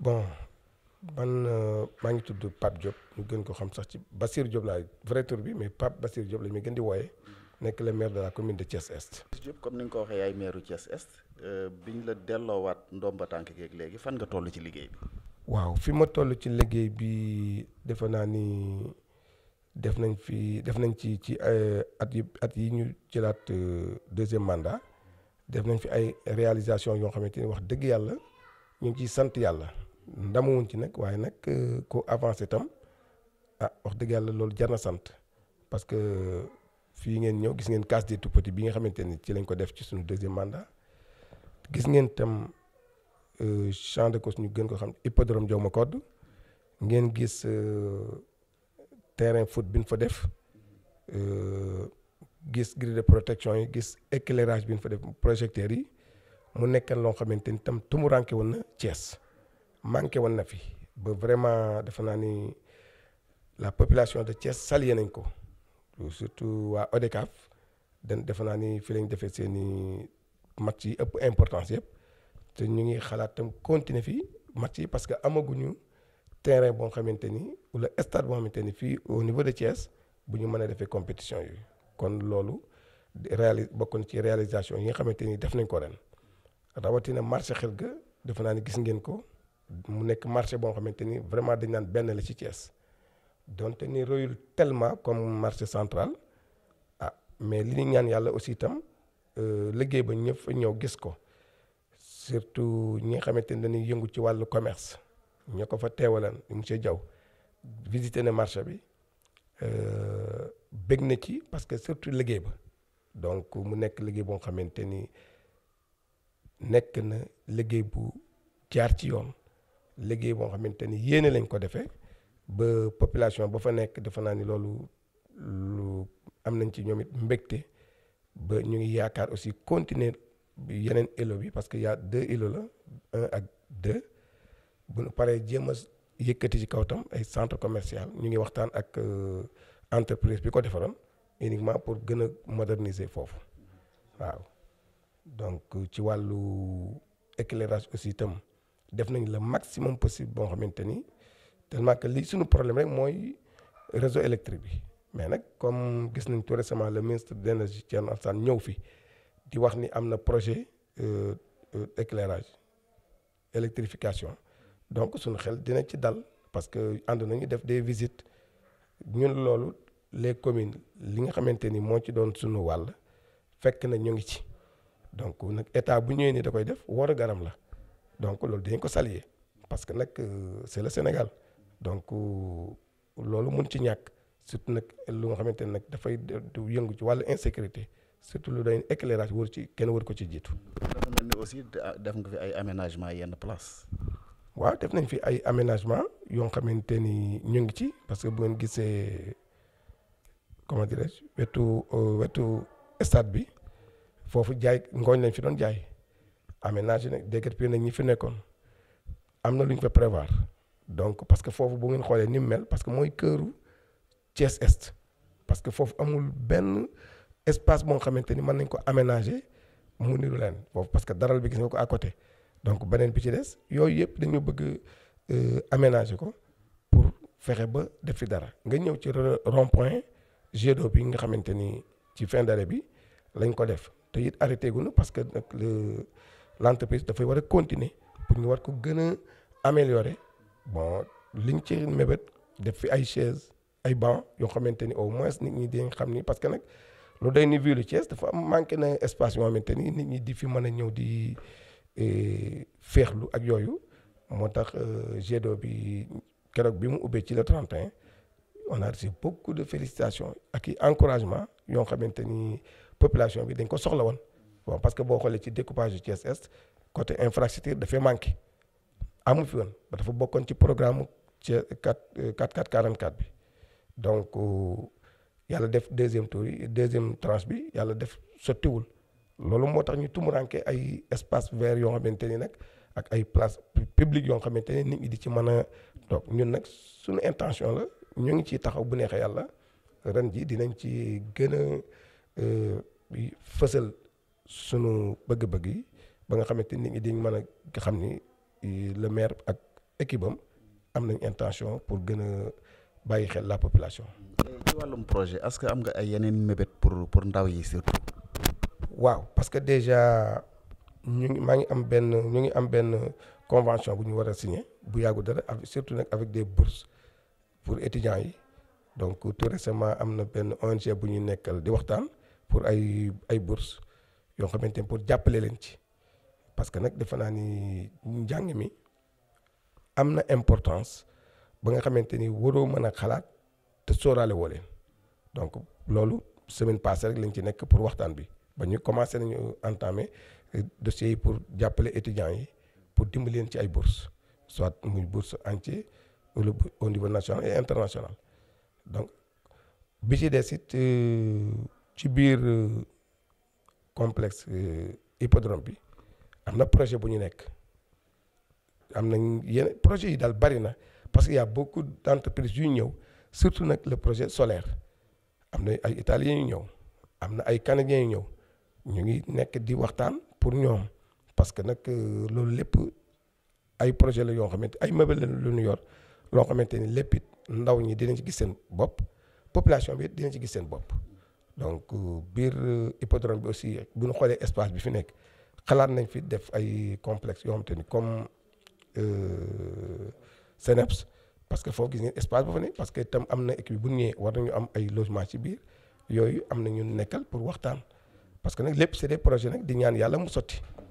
bon man euh, maa ngi tudd Pape Diop ñu gën ko xam sax ci bassir Diop laa vrai bi mais Pape Basir job la ñu gën di wooye nekk le maire de la commune de Thiès Est. Diop comme ni nga ko waxee yaay maire Thiès Est euh, biñ la delloowaat ba tànk geeg léegi fan nga toll ci liggéey bi. waaw fi ma toll ci liggéey bi defe naa ni def nañ fi def nañ ci ci euh, at yi at yi ñu jëlaat deuxième mandat def nañ fi ay réalisation yoo xamante ni wax dëgg yàlla ñu ngi ciy sant yàlla. ndamawuñ ci nekk waaye nag euh, ku avancé tam ah wax dëgg yàlla loolu jar sant parce que euh, fii ngeen ñëw gis ngeen Case des Tout-Petits bi nga xamante ni ci lañ ko def ci suñu deuxième mandat gis ngeen tam euh, champ de course ñu gën ko xam hippodrome Diaw ma kodd ngeen gis terrain foot bi nu fa def gis grille de protection yi gis éclairage bi nu fa def projecteurs yi mu nekkan loo xamante ni tam tumuranke woon na Thiès. manqué woon na fi ba vraiment defe naa ni la population de Thiès salué nañ ko surtout waa ODCAV dañ defe naa ni fi lañ defee seen i match yi ëpp importance yëpp te ñu ngi xalaat tam continuer fii match yi parce que amaguñu terrain boo xamante ni wala stade boo xamante fii au niveau de Thiès bu ñu mën a defee compétition yi kon loolu réali bokkoon ci réalisation yi nga xamante ni def nañ ko ren rawatina marché xel ga defe naa ni gis ngeen ko. mu nekk marché boo xamante ni vraiment dañ naan benn la ci Thiès donte ni royul tellement comme marché central ah mais li ñu ñaan yàlla aussi itam euh, liggéey ba ñëpp fa ñëw gis ko surtout ñi nga xamante ni dañuy yëngu ci wàllu commerce ñoo ko fa teewalan monsieur Diaw visité na marché bi euh, bëgg na ci parce que surtout liggéey ba donc mu nekk liggéey boo xamante ni nekk na liggéey bu jaar ci yoon. liggéey boo xamante ni yéene lañ ko defee ba population ba fa nekk defe naa ni loolu lu am nañ ci ñoom it mbégte ba ñu ngi yaakaar aussi continuer yeneen îlot bi parce que y a ilo la un ak deux bu ñu paree jéem a yëkkati ci kaw tam ay centre commercial ñu ngi waxtaan ak euh, entreprise bi ko defaroon uniquement pour gën a moderniser foofu waaw donc ci wàllu éclairage aussi itam def nañ le maximum possible boo xamante ni tellement que lii suñu problème rek mooy réseau électrique bi mais nag comme gis nañ tout récemment le ministre de l'énergie Thierno Alassane ñëw fi di wax ni am na projet euh, euh, éclairage électrification donc suñu xel dina ci dal parce que ànd nañu def des visites ñun loolu les communes li nga xamante ni moo ci doon suñu wàll fekk na ñu ngi ci donc nag état bu ñëwee nii da koy def war garam la donc loolu dañ ko saluer parce que nag euh, c'est le Sénégal donc euh, loolu mun ci ñàkk surtout nag lu nga xamante ne nag dafay yëngu ci wàllu insécurité surtout lu day éclairage wër ci kenn wër ko ci jiitu. dafa mel ni aussi def nga fi ay aménagement yenn place. waaw def nañ fi ay aménagement yoo xamante ni ñu ngi ci parce que bu ngeen gisee comment dirais-je wetu euh, wetu stade bi foofu jaay ngooñ lañ fi doon jaay. aménagé nag décrépit nañ ñi fi nekkoon am na lu ñu fa prévoir donc parce que foofu bu ngeen xoolee ni mu mel parce que mooy këru Thiès Est parce que foofu amul benn espace boo xamante ni mën nañ ko aménager mu niru leen foofu parce que daral bi gis nga ko à côté donc beneen bi ci des yooyu yëpp dañu bëgg euh, aménager ko pour fexe ba def fi dara nga ñëw ci rond point jet d'eau bi nga xamante ni ci fin d'année bi lañ ko def te it arrêté gu na parce que nag l' dafay war a continuer pour ñu war ko gën a améliorer bon liñ ci mébét def fi ay chaise ay banc yoo xamante ni au moins nit ñi dañ xam ni parce que nag lu day ni ville Thiès dafa am manqué na espace yoo xamante nit ñi di fi mën a ñëw di e, féexlu ak yooyu moo tax e, G2 bi keroog bi mu ubbee ci le 31 on a reçu beaucoup de félicitations ak i encouragement yoo xamante ni population bi dañ ko soxla woon bon parce que boo xoolee ci découpage yu Thiès côté infrastructure dafay manqué amu fi woon ba dafa bokkoon ci programme ci 4 4 44 bi donc euh, yàlla def deuxième tour yi deuxième tranche bi yàlla def sottiwul loolu moo tax ñu tumuranke ay espace vert yoo xamante ni nag ak ay place publique yoo xamante ni nit ñi di ci mën a toog ñun nag sunu intention la ñu ngi ciy taxaw bu neexee yàlla ren ji dinañ ci gën a euh, sunu bëgg-bëgg yi ba nga xamante nit ñi di mën a xam ni eh, le maire ak équipe am nañ intention pour gën a bàyyi xel la population. ci wàllum projet est que am nga ay yeneen mébét pour pour ndaw yi surtout. waaw parce que déjà ñu ngi maa ngi am benn ñu ngi am benn convention bu ñu war a signer bu yàggu dara avec surtout nag avec des bourses pour étudiants yi donc tout récemment am na benn ONG bu ñu nekkal di waxtaan pour ay ay bourses yoo xamante ne pour jàppale leen ci parce que nag defe naa ni njàng mi am na importance ba nga xamante ni waroo mën a xalaat te sóoraale woo donc loolu semaine passée rek lañ ci nekk pour waxtaan bi ba ñu commencé nañu entamé dossiers yi pour jàppale étudiants yi pour dimbali leen ci ay bourses soit muy bourse entier au niveau national et international donc bi ci des it euh, ci biir. Euh, complexe euh, hippodrome bi am na projet bu ñu nekk am nañ yenn projet yi daal bari na parce que y a beaucoup d'entreprises yu ñëw surtout nag le projet solaire am na ay italiens yu ñëw am na ay canadiens yu ñëw ñu ngi nekk di waxtaan pour ñoom parce que nag euh, loolu lépp ay projet la yoo xamante ay meubles la lu ñu yor loo xamante ni lépp it ndaw ñi dinañ ci gis seen bopp population bi dinañ ci gis seen bopp. donc euh, biir euh, hippodrome bi aussi bu ñu xoolee espace bi fi nekk xalaat nañ fi def ay complex yoo xam te ni comme CNEPS euh, parce que foofu gis ngeen espace boo fa ne parce que tam am na équipe bu ñëwee war nañu am ay logement ci biir yooyu am na ñu nekkal pour waxtaan parce que nag lépp c'est des projets nag di ñaan yàlla mu sotti.